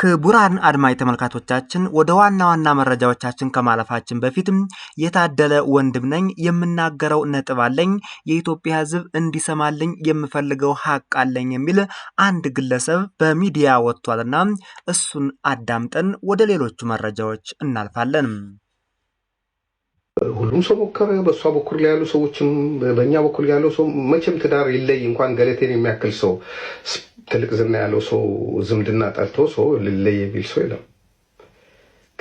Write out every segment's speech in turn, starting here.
ክቡራን አድማጭ ተመልካቶቻችን ወደ ዋና ዋና መረጃዎቻችን ከማለፋችን በፊትም የታደለ ወንድም ነኝ። የምናገረው ነጥብ አለኝ። የኢትዮጵያ ሕዝብ እንዲሰማልኝ የምፈልገው ሀቅ አለኝ የሚል አንድ ግለሰብ በሚዲያ ወጥቷልና እሱን አዳምጠን ወደ ሌሎቹ መረጃዎች እናልፋለን። ሁሉም ሰው ሞከረ። በእሷ በኩል ላይ ያሉ ሰዎችም በእኛ በኩል ያለው ሰው መቼም ትዳር ይለይ እንኳን ገለቴን የሚያክል ሰው ትልቅ ዝና ያለው ሰው ዝምድና ጠርቶ ሰው ልለይ የሚል ሰው የለም።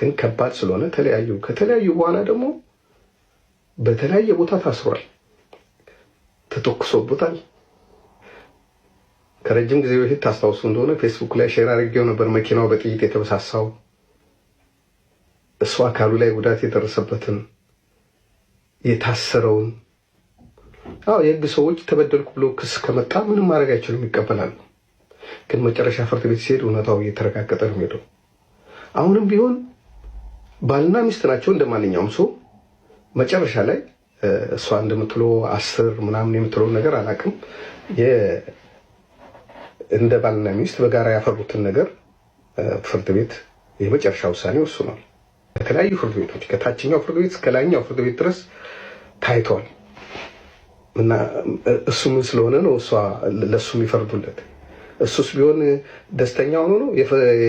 ግን ከባድ ስለሆነ ተለያዩ። ከተለያዩ በኋላ ደግሞ በተለያየ ቦታ ታስሯል፣ ተተኩሶበታል። ከረጅም ጊዜ በፊት ታስታውሱ እንደሆነ ፌስቡክ ላይ ሼር አድርጌው ነበር። መኪናው በጥይት የተበሳሳው እሱ አካሉ ላይ ጉዳት የደረሰበትን የታሰረውን አዎ የህግ ሰዎች ተበደልኩ ብሎ ክስ ከመጣ ምንም ማድረግ አይችሉም፣ ይቀበላሉ። ግን መጨረሻ ፍርድ ቤት ሲሄድ እውነታው እየተረጋገጠ ነው የሚሄደው። አሁንም ቢሆን ባልና ሚስት ናቸው እንደ ማንኛውም ሰው። መጨረሻ ላይ እሷ እንደምትሎ አስር ምናምን የምትለውን ነገር አላውቅም። እንደ ባልና ሚስት በጋራ ያፈሩትን ነገር ፍርድ ቤት የመጨረሻ ውሳኔ ወስኗል። በተለያዩ ፍርድ ቤቶች ከታችኛው ፍርድ ቤት እስከ ላይኛው ፍርድ ቤት ድረስ ታይቷል እና እሱ ምን ስለሆነ ነው እሷ ለእሱ የሚፈርዱለት? እሱስ ቢሆን ደስተኛ ሆኖ ነው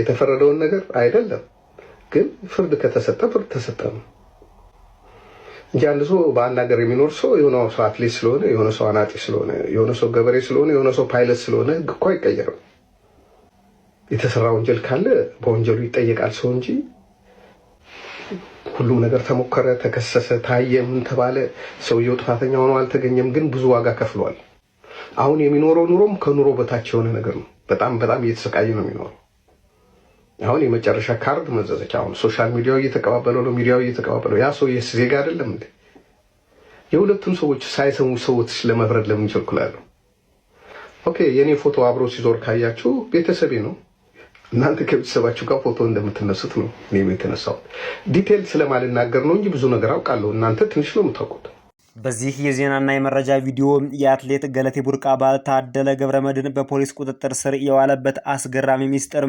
የተፈረደውን ነገር አይደለም። ግን ፍርድ ከተሰጠ ፍርድ ተሰጠ ነው እንጂ አንድ ሰው በአንድ ሀገር የሚኖር ሰው የሆነ ሰው አትሌት ስለሆነ፣ የሆነ ሰው አናጢ ስለሆነ፣ የሆነ ሰው ገበሬ ስለሆነ፣ የሆነ ሰው ፓይለት ስለሆነ ህግ እኮ አይቀየርም። የተሰራ ወንጀል ካለ በወንጀሉ ይጠየቃል ሰው እንጂ ሁሉም ነገር ተሞከረ፣ ተከሰሰ፣ ታየ፣ ምን ተባለ። ሰውየው ጥፋተኛ ሆኖ አልተገኘም፣ ግን ብዙ ዋጋ ከፍሏል። አሁን የሚኖረው ኑሮም ከኑሮ በታች የሆነ ነገር ነው። በጣም በጣም እየተሰቃየ ነው የሚኖረው። አሁን የመጨረሻ ካርድ መዘዘች። አሁን ሶሻል ሚዲያው እየተቀባበለው ነው፣ ሚዲያው እየተቀባበለው። ያ ሰው የስ ዜጋ አይደለም እንዴ? የሁለቱም ሰዎች ሳይሰሙ ሰዎች ለመፍረድ ለምን ይቸኩላሉ? ኦኬ የእኔ ፎቶ አብሮ ሲዞር ካያችሁ ቤተሰቤ ነው። እናንተ ከቤተሰባችሁ ጋር ፎቶ እንደምትነሱት ነው እኔም የተነሳሁት። ዲቴል ስለማልናገር ነው እንጂ ብዙ ነገር አውቃለሁ። እናንተ ትንሽ ነው የምታውቁት። በዚህ የዜናና የመረጃ ቪዲዮ የአትሌት ገለቴ ቡርቃ ባል ታደለ ገብረመድህን በፖሊስ ቁጥጥር ስር የዋለበት አስገራሚ ሚስጥር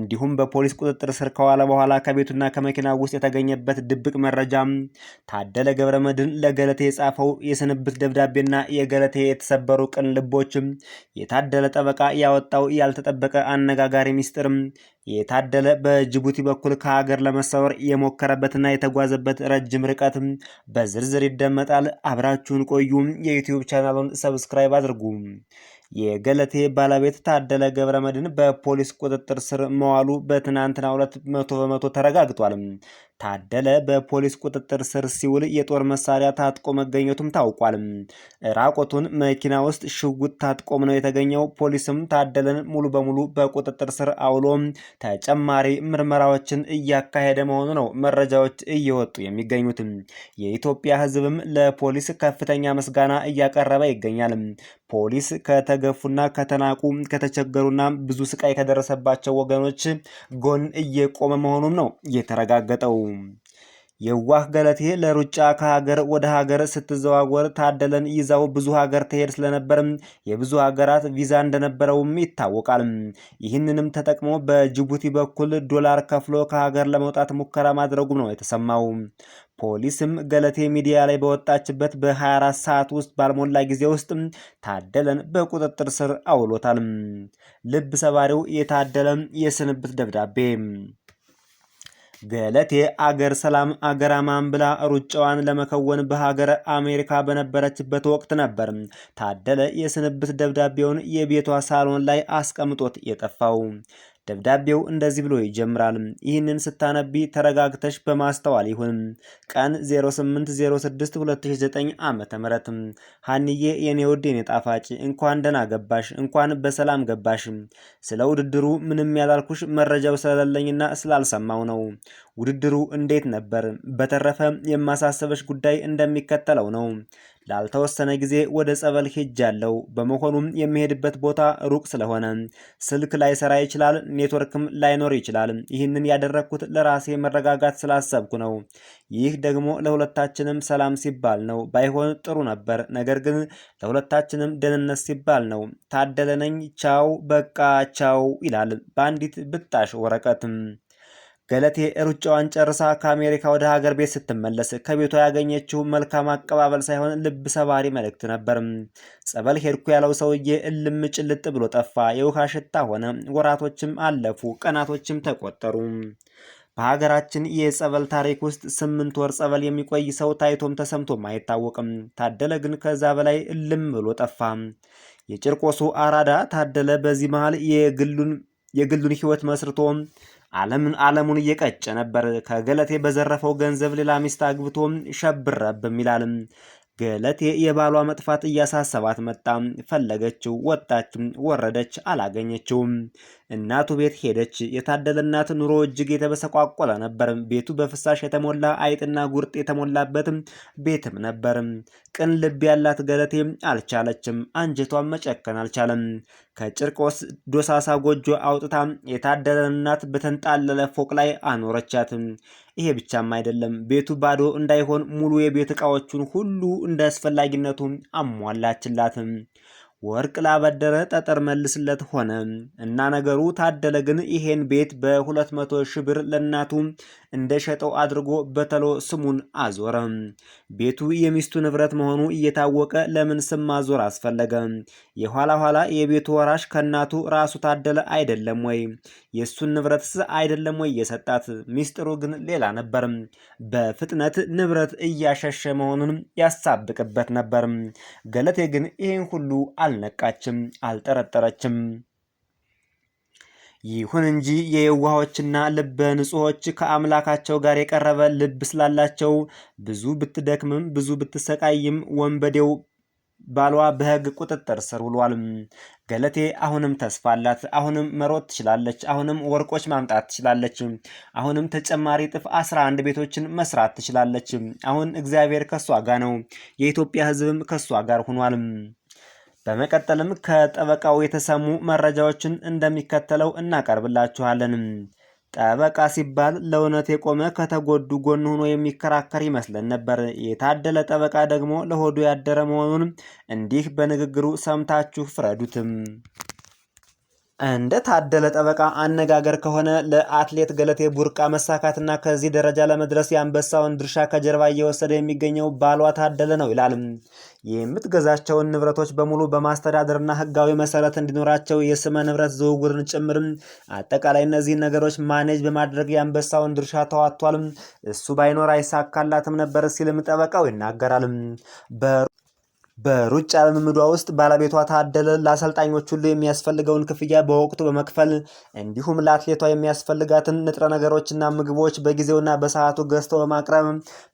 እንዲሁም በፖሊስ ቁጥጥር ስር ከዋለ በኋላ ከቤቱና ከመኪና ውስጥ የተገኘበት ድብቅ መረጃ፣ ታደለ ገብረመድህን ለገለቴ የጻፈው የስንብት ደብዳቤና የገለቴ የተሰበሩ ቅን ልቦች፣ የታደለ ጠበቃ ያወጣው ያልተጠበቀ አነጋጋሪ ሚስጥር፣ የታደለ በጅቡቲ በኩል ከሀገር ለመሰወር የሞከረበትና የተጓዘበት ረጅም ርቀት በዝርዝር ይደመጣል። አብራችሁን ቆዩ። የዩቲዩብ ቻናሉን ሰብስክራይብ አድርጉ። የገለቴ ባለቤት ታደለ ገብረ መድን በፖሊስ ቁጥጥር ስር መዋሉ በትናንትና ሁለት መቶ በመቶ ተረጋግጧል። ታደለ በፖሊስ ቁጥጥር ስር ሲውል የጦር መሳሪያ ታጥቆ መገኘቱም ታውቋል። ራቆቱን መኪና ውስጥ ሽጉጥ ታጥቆም ነው የተገኘው። ፖሊስም ታደለን ሙሉ በሙሉ በቁጥጥር ስር አውሎ ተጨማሪ ምርመራዎችን እያካሄደ መሆኑ ነው መረጃዎች እየወጡ የሚገኙት። የኢትዮጵያ ሕዝብም ለፖሊስ ከፍተኛ ምስጋና እያቀረበ ይገኛል። ፖሊስ ከተገፉና ከተናቁ ከተቸገሩና ብዙ ስቃይ ከደረሰባቸው ወገኖች ጎን እየቆመ መሆኑም ነው የተረጋገጠው። የዋህ ገለቴ ለሩጫ ከሀገር ወደ ሀገር ስትዘዋወር ታደለን ይዛው ብዙ ሀገር ትሄድ ስለነበር የብዙ ሀገራት ቪዛ እንደነበረውም ይታወቃል። ይህንንም ተጠቅሞ በጅቡቲ በኩል ዶላር ከፍሎ ከሀገር ለመውጣት ሙከራ ማድረጉ ነው የተሰማው። ፖሊስም ገለቴ ሚዲያ ላይ በወጣችበት በ24 ሰዓት ውስጥ ባልሞላ ጊዜ ውስጥ ታደለን በቁጥጥር ስር አውሎታል። ልብ ሰባሪው የታደለም የስንብት ደብዳቤ ገለቴ አገር ሰላም አገራማን ብላ ሩጫዋን ለመከወን በሀገር አሜሪካ በነበረችበት ወቅት ነበር ታደለ የስንብት ደብዳቤውን የቤቷ ሳሎን ላይ አስቀምጦት የጠፋው። ደብዳቤው እንደዚህ ብሎ ይጀምራል። ይህንን ስታነቢ ተረጋግተሽ በማስተዋል ይሁን። ቀን 08062009 ዓ ም ሀንዬ የኔ ውድ የኔ ጣፋጭ እንኳን ደህና ገባሽ፣ እንኳን በሰላም ገባሽ። ስለ ውድድሩ ምንም ያላልኩሽ መረጃው ስለሌለኝና ስላልሰማው ነው። ውድድሩ እንዴት ነበር? በተረፈ የማሳሰበሽ ጉዳይ እንደሚከተለው ነው። ላልተወሰነ ጊዜ ወደ ጸበል ሄጃለሁ። በመሆኑም የሚሄድበት ቦታ ሩቅ ስለሆነ ስልክ ላይሰራ ይችላል፣ ኔትወርክም ላይኖር ይችላል። ይህንን ያደረግኩት ለራሴ መረጋጋት ስላሰብኩ ነው። ይህ ደግሞ ለሁለታችንም ሰላም ሲባል ነው። ባይሆን ጥሩ ነበር፣ ነገር ግን ለሁለታችንም ደህንነት ሲባል ነው። ታደለነኝ ቻው፣ በቃ ቻው ይላል በአንዲት ብጣሽ ወረቀትም ገለቴ ሩጫዋን ጨርሳ ከአሜሪካ ወደ ሀገር ቤት ስትመለስ ከቤቷ ያገኘችው መልካም አቀባበል ሳይሆን ልብ ሰባሪ መልእክት ነበር። ጸበል ሄድኩ ያለው ሰውዬ እልም ጭልጥ ብሎ ጠፋ። የውሃ ሽታ ሆነ። ወራቶችም አለፉ፣ ቀናቶችም ተቆጠሩ። በሀገራችን የጸበል ታሪክ ውስጥ ስምንት ወር ጸበል የሚቆይ ሰው ታይቶም ተሰምቶም አይታወቅም። ታደለ ግን ከዛ በላይ እልም ብሎ ጠፋ። የጭርቆሱ አራዳ ታደለ በዚህ መሃል የግሉን ህይወት መስርቶ ዓለምን ዓለሙን እየቀጨ ነበር። ከገለቴ በዘረፈው ገንዘብ ሌላ ሚስት አግብቶ ሸብረብም ይላል። ገለቴ የባሏ መጥፋት እያሳሰባት መጣ። ፈለገችው፣ ወጣች፣ ወረደች፣ አላገኘችውም። እናቱ ቤት ሄደች። የታደለ እናት ኑሮ እጅግ የተበሰቋቆለ ነበር። ቤቱ በፍሳሽ የተሞላ አይጥና ጉርጥ የተሞላበት ቤትም ነበር። ቅን ልብ ያላት ገለቴ አልቻለችም፣ አንጀቷን መጨከን አልቻለም። ከጭርቆስ ዶሳሳ ጎጆ አውጥታ የታደለ እናት በተንጣለለ ፎቅ ላይ አኖረቻትም። ይሄ ብቻም አይደለም፣ ቤቱ ባዶ እንዳይሆን ሙሉ የቤት ዕቃዎቹን ሁሉ እንደ አስፈላጊነቱ አሟላችላትም። ወርቅ ላበደረ ጠጠር መልስለት ሆነ እና ነገሩ። ታደለ ግን ይሄን ቤት በ200 ሺህ ብር ለእናቱ እንደሸጠው አድርጎ በተሎ ስሙን አዞረ። ቤቱ የሚስቱ ንብረት መሆኑ እየታወቀ ለምን ስም ማዞር አስፈለገ? የኋላ ኋላ የቤቱ ወራሽ ከእናቱ ራሱ ታደለ አይደለም ወይ? የእሱን ንብረትስ አይደለም ወይ የሰጣት? ሚስጥሩ ግን ሌላ ነበር። በፍጥነት ንብረት እያሸሸ መሆኑን ያሳብቅበት ነበር። ገለቴ ግን ይህን ሁሉ አልነቃችም፣ አልጠረጠረችም። ይሁን እንጂ የየዋሆችና ልበ ንጹሖች ከአምላካቸው ጋር የቀረበ ልብ ስላላቸው ብዙ ብትደክምም ብዙ ብትሰቃይም ወንበዴው ባሏ በሕግ ቁጥጥር ስር ውሏል። ገለቴ አሁንም ተስፋ አላት። አሁንም መሮጥ ትችላለች። አሁንም ወርቆች ማምጣት ትችላለች። አሁንም ተጨማሪ ጥፍ አስራ አንድ ቤቶችን መስራት ትችላለች። አሁን እግዚአብሔር ከእሷ ጋር ነው። የኢትዮጵያ ሕዝብም ከሷ ጋር ሆኗል። በመቀጠልም ከጠበቃው የተሰሙ መረጃዎችን እንደሚከተለው እናቀርብላችኋለን። ጠበቃ ሲባል ለእውነት የቆመ ከተጎዱ ጎን ሆኖ የሚከራከር ይመስለን ነበር። የታደለ ጠበቃ ደግሞ ለሆዱ ያደረ መሆኑን እንዲህ በንግግሩ ሰምታችሁ ፍረዱትም። እንደ ታደለ ጠበቃ አነጋገር ከሆነ ለአትሌት ገለቴ ቡርቃ መሳካትና ከዚህ ደረጃ ለመድረስ የአንበሳውን ድርሻ ከጀርባ እየወሰደ የሚገኘው ባሏ ታደለ ነው ይላል። የምትገዛቸውን ንብረቶች በሙሉ በማስተዳደርና ሕጋዊ መሰረት እንዲኖራቸው የስመ ንብረት ዝውውርን ጭምርም አጠቃላይ እነዚህን ነገሮች ማኔጅ በማድረግ የአንበሳውን ድርሻ ተዋጥቷል። እሱ ባይኖር አይሳካላትም ነበር ሲልም ጠበቃው ይናገራል። በሩጫ ልምምዷ ውስጥ ባለቤቷ ታደለ ለአሰልጣኞች ሁሉ የሚያስፈልገውን ክፍያ በወቅቱ በመክፈል እንዲሁም ለአትሌቷ የሚያስፈልጋትን ንጥረ ነገሮችና ምግቦች በጊዜውና በሰዓቱ ገዝቶ በማቅረብ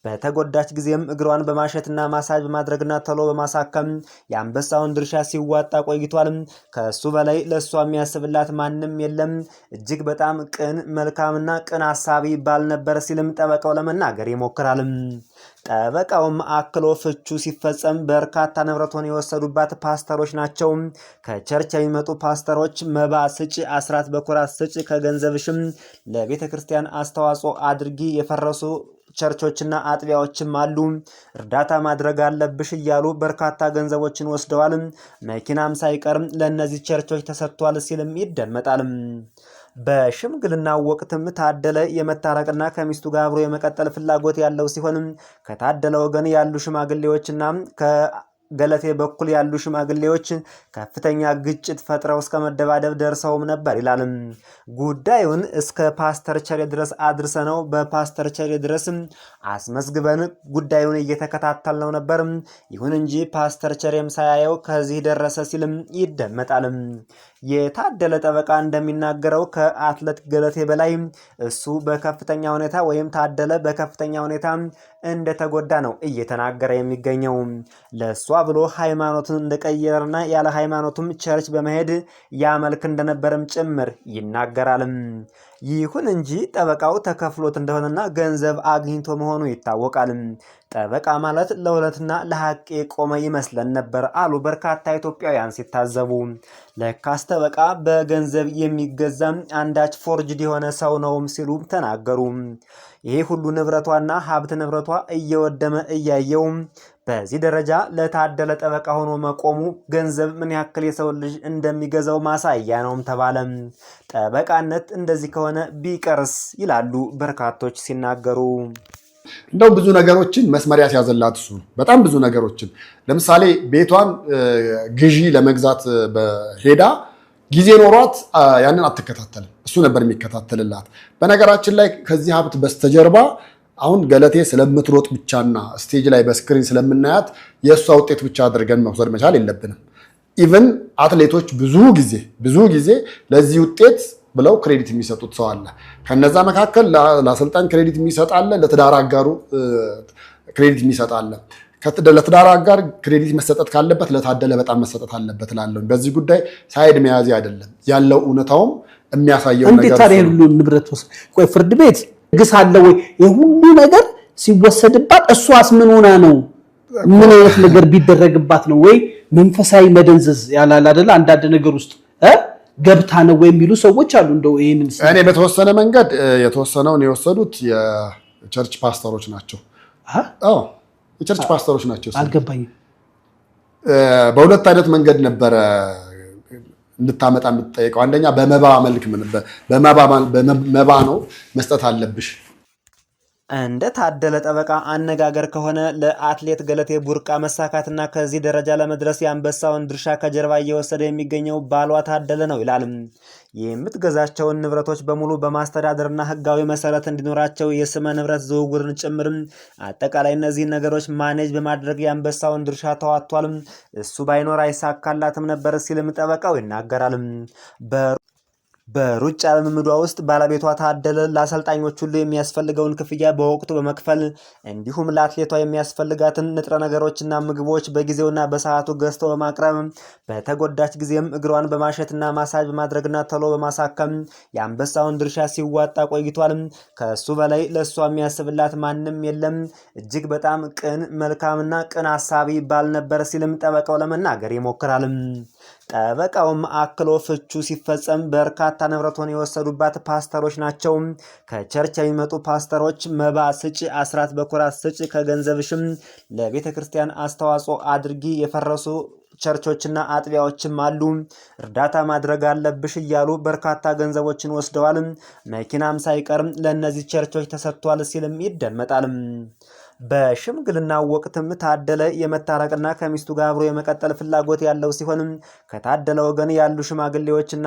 በተጎዳች ጊዜም እግሯን በማሸትና ማሳጅ በማድረግና ተሎ በማሳከም የአንበሳውን ድርሻ ሲዋጣ ቆይቷል። ከእሱ በላይ ለእሷ የሚያስብላት ማንም የለም። እጅግ በጣም ቅን መልካምና ቅን አሳቢ ባል ነበር ሲልም ጠበቀው ለመናገር ይሞክራል። ጠበቃውም አክሎ ፍቹ ሲፈጸም በርካታ ንብረቶን የወሰዱባት ፓስተሮች ናቸው። ከቸርች የሚመጡ ፓስተሮች መባ ስጭ፣ አስራት በኩራት ስጭ፣ ከገንዘብሽም ለቤተ ክርስቲያን አስተዋጽኦ አድርጊ፣ የፈረሱ ቸርቾችና አጥቢያዎችም አሉ፣ እርዳታ ማድረግ አለብሽ እያሉ በርካታ ገንዘቦችን ወስደዋል። መኪናም ሳይቀርም ለእነዚህ ቸርቾች ተሰጥቷል ሲልም ይደመጣል። በሽምግልና ወቅትም ታደለ የመታረቅና ከሚስቱ ጋር አብሮ የመቀጠል ፍላጎት ያለው ሲሆንም ከታደለ ወገን ያሉ ሽማግሌዎችና ገለቴ በኩል ያሉ ሽማግሌዎች ከፍተኛ ግጭት ፈጥረው እስከ መደባደብ ደርሰውም ነበር ይላልም። ጉዳዩን እስከ ፓስተር ቸሬ ድረስ አድርሰነው በፓስተር ቸሬ ድረስ አስመዝግበን ጉዳዩን እየተከታተልነው ነበር። ይሁን እንጂ ፓስተር ቸሬም ሳያየው ከዚህ ደረሰ ሲልም ይደመጣልም። የታደለ ጠበቃ እንደሚናገረው ከአትሌት ገለቴ በላይ እሱ በከፍተኛ ሁኔታ ወይም ታደለ በከፍተኛ ሁኔታ እንደተጎዳ ነው እየተናገረ የሚገኘው ለእሷ ብሎ ሃይማኖትን እንደቀየረና ያለ ሃይማኖቱም ቸርች በመሄድ ያመልክ እንደነበረም ጭምር ይናገራልም። ይሁን እንጂ ጠበቃው ተከፍሎት እንደሆነና ገንዘብ አግኝቶ መሆኑ ይታወቃል። ጠበቃ ማለት ለእውነትና ለሐቅ የቆመ ይመስለን ነበር አሉ በርካታ ኢትዮጵያውያን ሲታዘቡ። ለካስ ጠበቃ በገንዘብ የሚገዛም አንዳች ፎርጅድ የሆነ ሰው ነውም ሲሉ ተናገሩ። ይሄ ሁሉ ንብረቷና ሀብት ንብረቷ እየወደመ እያየው በዚህ ደረጃ ለታደለ ጠበቃ ሆኖ መቆሙ ገንዘብ ምን ያክል የሰው ልጅ እንደሚገዛው ማሳያ ነውም ተባለም። ጠበቃነት እንደዚህ ከሆነ ቢቀርስ ይላሉ በርካቶች ሲናገሩ። እንደው ብዙ ነገሮችን መስመር ያስያዘላት እሱ በጣም ብዙ ነገሮችን ለምሳሌ ቤቷን ግዢ ለመግዛት ሄዳ ጊዜ ኖሯት ያንን አትከታተልም። እሱ ነበር የሚከታተልላት። በነገራችን ላይ ከዚህ ሀብት በስተጀርባ አሁን ገለቴ ስለምትሮጥ ብቻና ስቴጅ ላይ በስክሪን ስለምናያት የእሷ ውጤት ብቻ አድርገን መውሰድ መቻል የለብንም። ኢቨን አትሌቶች ብዙ ጊዜ ብዙ ጊዜ ለዚህ ውጤት ብለው ክሬዲት የሚሰጡት ሰው አለ። ከነዛ መካከል ለአሰልጣኝ ክሬዲት የሚሰጣለ፣ ለትዳር አጋሩ ክሬዲት የሚሰጣለ። ለትዳር አጋር ክሬዲት መሰጠት ካለበት ለታደለ በጣም መሰጠት አለበት እላለሁ። በዚህ ጉዳይ ሳይድ መያዝ አይደለም ያለው እውነታውም የሚያሳየው ነገር። ፍርድ ቤት ግስ አለ ወይ? የሁሉ ነገር ሲወሰድባት እሷስ ምን ሆና ነው? ምን አይነት ነገር ቢደረግባት ነው? ወይ መንፈሳዊ መደንዘዝ ያላል አይደለ? አንዳንድ ነገር ውስጥ ገብታ ነው ወይ የሚሉ ሰዎች አሉ። እንደው ይሄንን እኔ በተወሰነ መንገድ የተወሰነውን የወሰዱት የቸርች ፓስተሮች ናቸው። አዎ የቸርች ፓስተሮች ናቸው። አልገባኝም። በሁለት አይነት መንገድ ነበረ እንድታመጣ የምትጠየቀው አንደኛ በመባ መልክ በመባ ነው መስጠት አለብሽ እንደ ታደለ ጠበቃ አነጋገር ከሆነ ለአትሌት ገለቴ ቡርቃ መሳካትና ከዚህ ደረጃ ለመድረስ የአንበሳውን ድርሻ ከጀርባ እየወሰደ የሚገኘው ባሏ ታደለ ነው ይላል። የምትገዛቸውን ንብረቶች በሙሉ በማስተዳደርና ሕጋዊ መሰረት እንዲኖራቸው የስመ ንብረት ዝውውርን ጭምርም አጠቃላይ እነዚህን ነገሮች ማኔጅ በማድረግ የአንበሳውን ድርሻ ተዋጥቷል። እሱ ባይኖር አይሳካላትም ነበር ሲልም ጠበቃው ይናገራል። በሩጫ ልምምዷ ውስጥ ባለቤቷ ታደለ ለአሰልጣኞች ሁሉ የሚያስፈልገውን ክፍያ በወቅቱ በመክፈል እንዲሁም ለአትሌቷ የሚያስፈልጋትን ንጥረ ነገሮችና ምግቦች በጊዜውና በሰዓቱ ገዝቶ በማቅረብ በተጎዳች ጊዜም እግሯን በማሸትና ማሳጅ በማድረግና ተሎ በማሳከም የአንበሳውን ድርሻ ሲዋጣ ቆይቷል። ከሱ በላይ ለእሷ የሚያስብላት ማንም የለም። እጅግ በጣም ቅን፣ መልካምና ቅን ሀሳቢ ባል ነበር ሲልም ጠበቀው ለመናገር ይሞክራል። ጠበቃውም አክሎ ፍቹ ሲፈጸም በርካታ ንብረቶን የወሰዱባት ፓስተሮች ናቸው። ከቸርች የሚመጡ ፓስተሮች መባ ስጭ፣ አስራት በኩራት ስጭ፣ ከገንዘብሽም ለቤተ ክርስቲያን አስተዋጽኦ አድርጊ፣ የፈረሱ ቸርቾችና አጥቢያዎችም አሉ፣ እርዳታ ማድረግ አለብሽ እያሉ በርካታ ገንዘቦችን ወስደዋል። መኪናም ሳይቀርም ለእነዚህ ቸርቾች ተሰጥቷል ሲልም ይደመጣል። በሽምግልና ወቅትም ታደለ የመታረቅና ከሚስቱ ጋር አብሮ የመቀጠል ፍላጎት ያለው ሲሆንም ከታደለ ወገን ያሉ ሽማግሌዎችና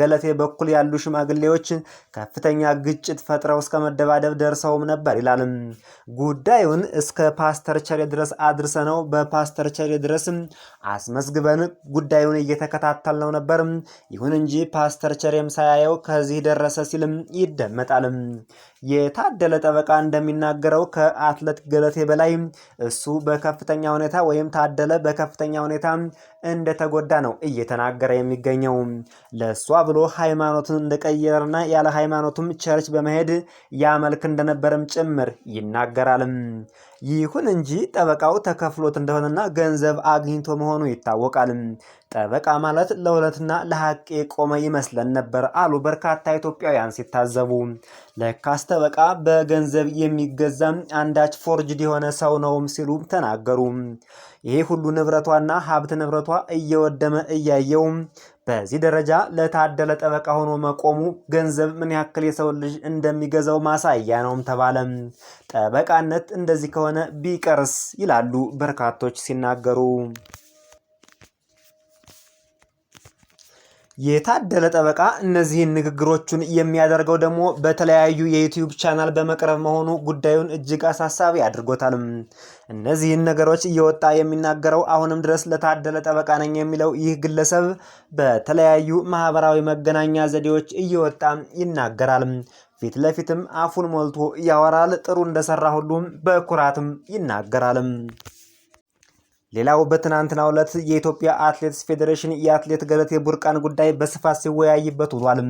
ገለቴ በኩል ያሉ ሽማግሌዎች ከፍተኛ ግጭት ፈጥረው እስከ መደባደብ ደርሰውም ነበር ይላልም። ጉዳዩን እስከ ፓስተር ቸሬ ድረስ አድርሰነው በፓስተር ቸሬ ድረስ አስመዝግበን ጉዳዩን እየተከታተል ነው ነበር። ይሁን እንጂ ፓስተር ቸሬም ሳያየው ከዚህ ደረሰ ሲልም ይደመጣልም። የታደለ ጠበቃ እንደሚናገረው ከአትሌት ገለቴ በላይ እሱ በከፍተኛ ሁኔታ ወይም ታደለ በከፍተኛ ሁኔታ እንደተጎዳ ነው እየተናገረ የሚገኘው ለእሷ ብሎ ሃይማኖትን እንደቀየረና ያለ ሃይማኖቱም ቸርች በመሄድ ያመልክ እንደነበረም ጭምር ይናገራልም። ይሁን እንጂ ጠበቃው ተከፍሎት እንደሆነና ገንዘብ አግኝቶ መሆኑ ይታወቃልም። ጠበቃ ማለት ለእውነትና ለሐቅ የቆመ ይመስለን ነበር አሉ በርካታ ኢትዮጵያውያን ሲታዘቡ። ለካስ ጠበቃ በገንዘብ የሚገዛም አንዳች ፎርጅድ የሆነ ሰው ነውም ሲሉ ተናገሩ። ይሄ ሁሉ ንብረቷና ሀብት ንብረቷ እየወደመ እያየው በዚህ ደረጃ ለታደለ ጠበቃ ሆኖ መቆሙ ገንዘብ ምን ያክል የሰውን ልጅ እንደሚገዛው ማሳያ ነውም ተባለም። ጠበቃነት እንደዚህ ከሆነ ቢቀርስ ይላሉ በርካቶች ሲናገሩ የታደለ ጠበቃ እነዚህን ንግግሮቹን የሚያደርገው ደግሞ በተለያዩ የዩቲዩብ ቻናል በመቅረብ መሆኑ ጉዳዩን እጅግ አሳሳቢ አድርጎታል። እነዚህን ነገሮች እየወጣ የሚናገረው አሁንም ድረስ ለታደለ ጠበቃ ነኝ የሚለው ይህ ግለሰብ በተለያዩ ማህበራዊ መገናኛ ዘዴዎች እየወጣ ይናገራል። ፊት ለፊትም አፉን ሞልቶ ያወራል። ጥሩ እንደሰራ ሁሉም በኩራትም ይናገራል። ሌላው በትናንትናው ዕለት የኢትዮጵያ አትሌቲክስ ፌዴሬሽን የአትሌት ገለቴ ቡርቃን ጉዳይ በስፋት ሲወያይበት ውሏል።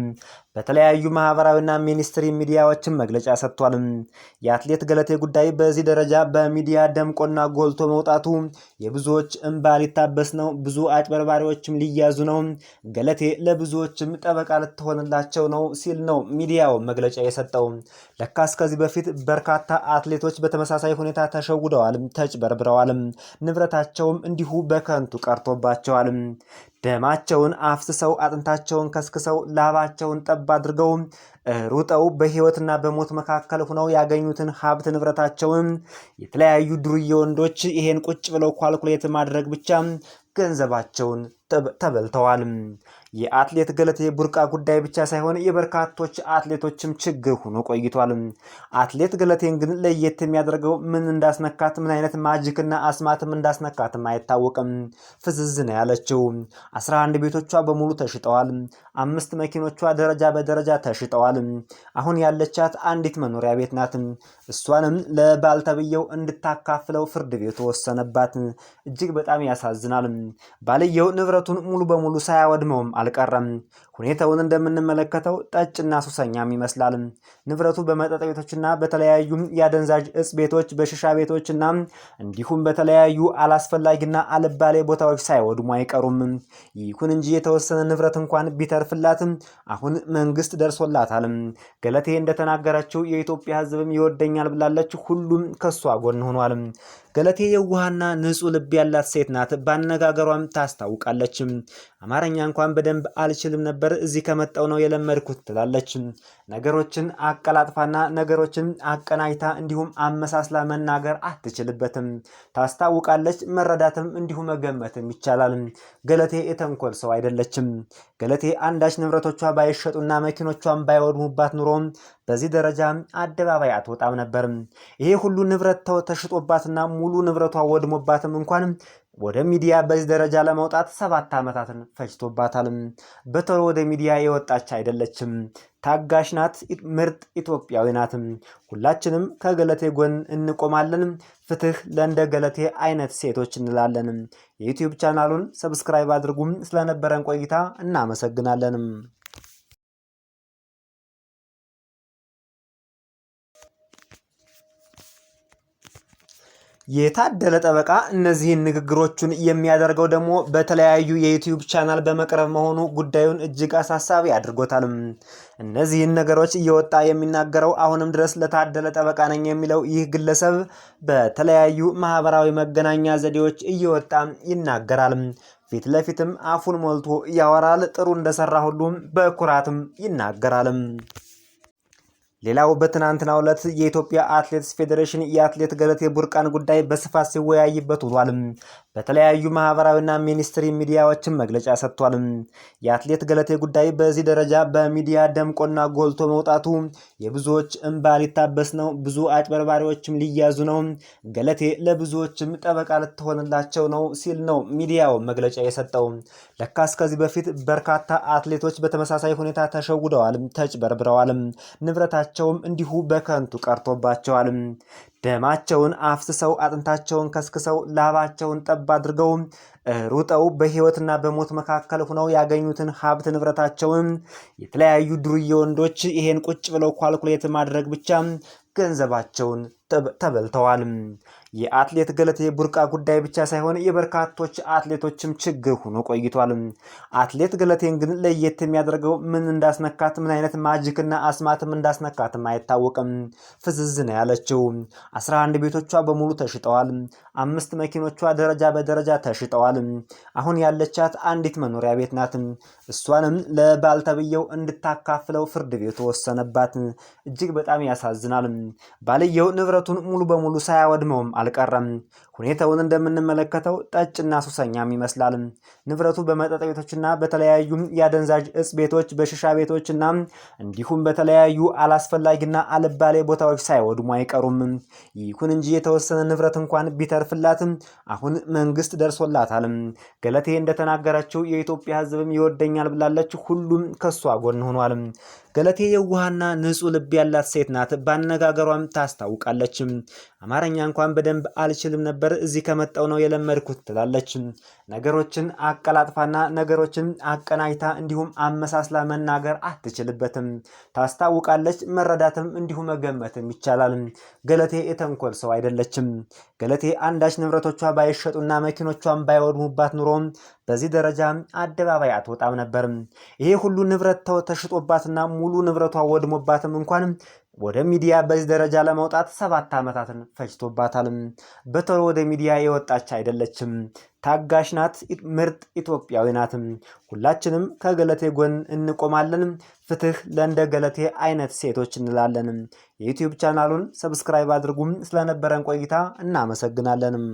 በተለያዩ ማህበራዊና ሚኒስትሪ ሚዲያዎችን መግለጫ ሰጥቷል። የአትሌት ገለቴ ጉዳይ በዚህ ደረጃ በሚዲያ ደምቆና ጎልቶ መውጣቱ የብዙዎች እንባ ሊታበስ ነው፣ ብዙ አጭበርባሪዎችም ሊያዙ ነው፣ ገለቴ ለብዙዎችም ጠበቃ ልትሆንላቸው ነው ሲል ነው ሚዲያው መግለጫ የሰጠው። ለካስ ከዚህ በፊት በርካታ አትሌቶች በተመሳሳይ ሁኔታ ተሸውደዋል፣ ተጭበርብረዋል፣ ንብረታ መግባታቸውም እንዲሁ በከንቱ ቀርቶባቸዋል። ደማቸውን አፍስሰው አጥንታቸውን ከስክሰው ላባቸውን ጠብ አድርገው ሩጠው በህይወትና በሞት መካከል ሆነው ያገኙትን ሀብት ንብረታቸውን የተለያዩ ዱርዬ ወንዶች ይሄን ቁጭ ብለው ኳልኩሌት ማድረግ ብቻ ገንዘባቸውን ተበልተዋል። የአትሌት ገለቴ ቡርቃ ጉዳይ ብቻ ሳይሆን የበርካቶች አትሌቶችም ችግር ሆኖ ቆይቷል። አትሌት ገለቴን ግን ለየት የሚያደርገው ምን እንዳስነካት ምን አይነት ማጅክና አስማትም እንዳስነካትም አይታወቅም። ፍዝዝ ነው ያለችው። አስራ አንድ ቤቶቿ በሙሉ ተሽጠዋል። አምስት መኪኖቿ ደረጃ በደረጃ ተሽጠዋል። አሁን ያለቻት አንዲት መኖሪያ ቤት ናት። እሷንም ለባልተብየው እንድታካፍለው ፍርድ ቤቱ ወሰነባት። እጅግ በጣም ያሳዝናል። ባልየው ንብረቱን ሙሉ በሙሉ ሳያወድመውም አልቀረም። ሁኔታውን እንደምንመለከተው ጠጭና ሱሰኛም ይመስላል። ንብረቱ በመጠጥ ቤቶችና በተለያዩ የአደንዛዥ እጽ ቤቶች፣ በሽሻ ቤቶችና እንዲሁም በተለያዩ አላስፈላጊና አልባሌ ቦታዎች ሳይወድሙ አይቀሩም። ይሁን እንጂ የተወሰነ ንብረት እንኳን ቢተርፍላትም አሁን መንግስት ደርሶላታል። ገለቴ እንደተናገረችው የኢትዮጵያ ሕዝብም ይወደኛል ብላለች። ሁሉም ከሷ ጎን ሆኗል። ገለቴ የውሃና ንጹህ ልብ ያላት ሴት ናት። ባነጋገሯም ታስታውቃለችም። አማርኛ እንኳን በደንብ አልችልም ነበር፣ እዚህ ከመጣው ነው የለመድኩት ትላለች። ነገሮችን አቀላጥፋና ነገሮችን አቀናጅታ እንዲሁም አመሳስላ መናገር አትችልበትም። ታስታውቃለች፣ መረዳትም እንዲሁ መገመትም ይቻላል። ገለቴ የተንኮል ሰው አይደለችም። ገለቴ አንዳች ንብረቶቿ ባይሸጡና መኪኖቿን ባይወድሙባት ኑሮ በዚህ ደረጃ አደባባይ አትወጣም ነበር። ይሄ ሁሉ ንብረት ተሽጦባትና ሙሉ ንብረቷ ወድሞባትም እንኳንም ወደ ሚዲያ በዚህ ደረጃ ለመውጣት ሰባት ዓመታትን ፈጅቶባታልም። በቶሎ ወደ ሚዲያ የወጣች አይደለችም። ታጋሽ ናት። ምርጥ ኢትዮጵያዊ ናትም። ሁላችንም ከገለቴ ጎን እንቆማለን። ፍትህ ለእንደ ገለቴ አይነት ሴቶች እንላለንም። የዩቲዩብ ቻናሉን ሰብስክራይብ አድርጉም። ስለነበረን ቆይታ እናመሰግናለንም። የታደለ ጠበቃ እነዚህን ንግግሮቹን የሚያደርገው ደግሞ በተለያዩ የዩቲዩብ ቻናል በመቅረብ መሆኑ ጉዳዩን እጅግ አሳሳቢ አድርጎታል። እነዚህን ነገሮች እየወጣ የሚናገረው አሁንም ድረስ ለታደለ ጠበቃ ነኝ የሚለው ይህ ግለሰብ በተለያዩ ማህበራዊ መገናኛ ዘዴዎች እየወጣ ይናገራል። ፊት ለፊትም አፉን ሞልቶ ያወራል። ጥሩ እንደሰራ ሁሉም በኩራትም ይናገራል። ሌላው በትናንትናው ዕለት የኢትዮጵያ አትሌቲክስ ፌዴሬሽን የአትሌት ገለቴ ቡርቃን ጉዳይ በስፋት ሲወያይበት ውሏል። በተለያዩ ማህበራዊና ሚኒስትሪ ሚዲያዎችን መግለጫ ሰጥቷል። የአትሌት ገለቴ ጉዳይ በዚህ ደረጃ በሚዲያ ደምቆና ጎልቶ መውጣቱ የብዙዎች እንባ ሊታበስ ነው። ብዙ አጭበርባሪዎችም ሊያዙ ነው። ገለቴ ለብዙዎችም ጠበቃ ልትሆንላቸው ነው ሲል ነው ሚዲያው መግለጫ የሰጠው። ለካስ ከዚህ በፊት በርካታ አትሌቶች በተመሳሳይ ሁኔታ ተሸውደዋል፣ ተጭበርብረዋል፣ ንብረታቸውም እንዲሁ በከንቱ ቀርቶባቸዋል። ደማቸውን አፍስሰው አጥንታቸውን ከስክሰው ላባቸውን ጠብ አድርገው ሩጠው በህይወትና በሞት መካከል ሆነው ያገኙትን ሀብት ንብረታቸውን የተለያዩ ዱርዬ ወንዶች ይሄን ቁጭ ብለው ኳልኩሌት ማድረግ ብቻ ገንዘባቸውን ተበልተዋል። የአትሌት ገለቴ ቡርቃ ጉዳይ ብቻ ሳይሆን የበርካቶች አትሌቶችም ችግር ሆኖ ቆይቷል። አትሌት ገለቴን ግን ለየት የሚያደርገው ምን እንዳስነካት ምን አይነት ማጅክና አስማትም እንዳስነካትም አይታወቅም። ፍዝዝ ነው ያለችው። 11 ቤቶቿ በሙሉ ተሽጠዋል። አምስት መኪኖቿ ደረጃ በደረጃ ተሽጠዋል። አሁን ያለቻት አንዲት መኖሪያ ቤት ናት። እሷንም ለባልተብየው እንድታካፍለው ፍርድ ቤቱ ወሰነባት። እጅግ በጣም ያሳዝናል። ባልየው ንብረቱን ሙሉ በሙሉ ሳያወድመውም አልቀረም። ሁኔታውን እንደምንመለከተው ጠጭና ሱሰኛም ይመስላል። ንብረቱ በመጠጥ ቤቶችና በተለያዩ የአደንዛዥ እጽ ቤቶች፣ በሽሻ ቤቶችና እንዲሁም በተለያዩ አላስፈላጊና አልባሌ ቦታዎች ሳይወድሙ አይቀሩም። ይሁን እንጂ የተወሰነ ንብረት እንኳን ቢተርፍላትም አሁን መንግስት ደርሶላታል። ገለቴ እንደተናገረችው የኢትዮጵያ ሕዝብም ይወደኛል ብላለች። ሁሉም ከሷ ጎን ሆኗል። ገለቴ የዋህና ንጹህ ልብ ያላት ሴት ናት። ባነጋገሯም ታስታውቃለች። አማርኛ እንኳን በደንብ አልችልም ነበር፣ እዚህ ከመጣው ነው የለመድኩት ትላለች። ነገሮችን አቀላጥፋና ነገሮችን አቀናጅታ እንዲሁም አመሳስላ መናገር አትችልበትም። ታስታውቃለች፣ መረዳትም እንዲሁ መገመትም ይቻላል። ገለቴ የተንኮል ሰው አይደለችም። ገለቴ አንዳች ንብረቶቿ ባይሸጡና መኪኖቿን ባይወድሙባት ኑሮ በዚህ ደረጃ አደባባይ አትወጣም ነበር። ይሄ ሁሉ ንብረት ተሽጦባትና ሙሉ ንብረቷ ወድሞባትም እንኳን ወደ ሚዲያ በዚህ ደረጃ ለመውጣት ሰባት ዓመታትን ፈጅቶባታልም። በቶሎ ወደ ሚዲያ የወጣች አይደለችም። ታጋሽ ናት። ምርጥ ኢትዮጵያዊ ናትም። ሁላችንም ከገለቴ ጎን እንቆማለን። ፍትህ ለእንደ ገለቴ አይነት ሴቶች እንላለንም። የዩትዩብ ቻናሉን ሰብስክራይብ አድርጉም። ስለነበረን ቆይታ እናመሰግናለንም።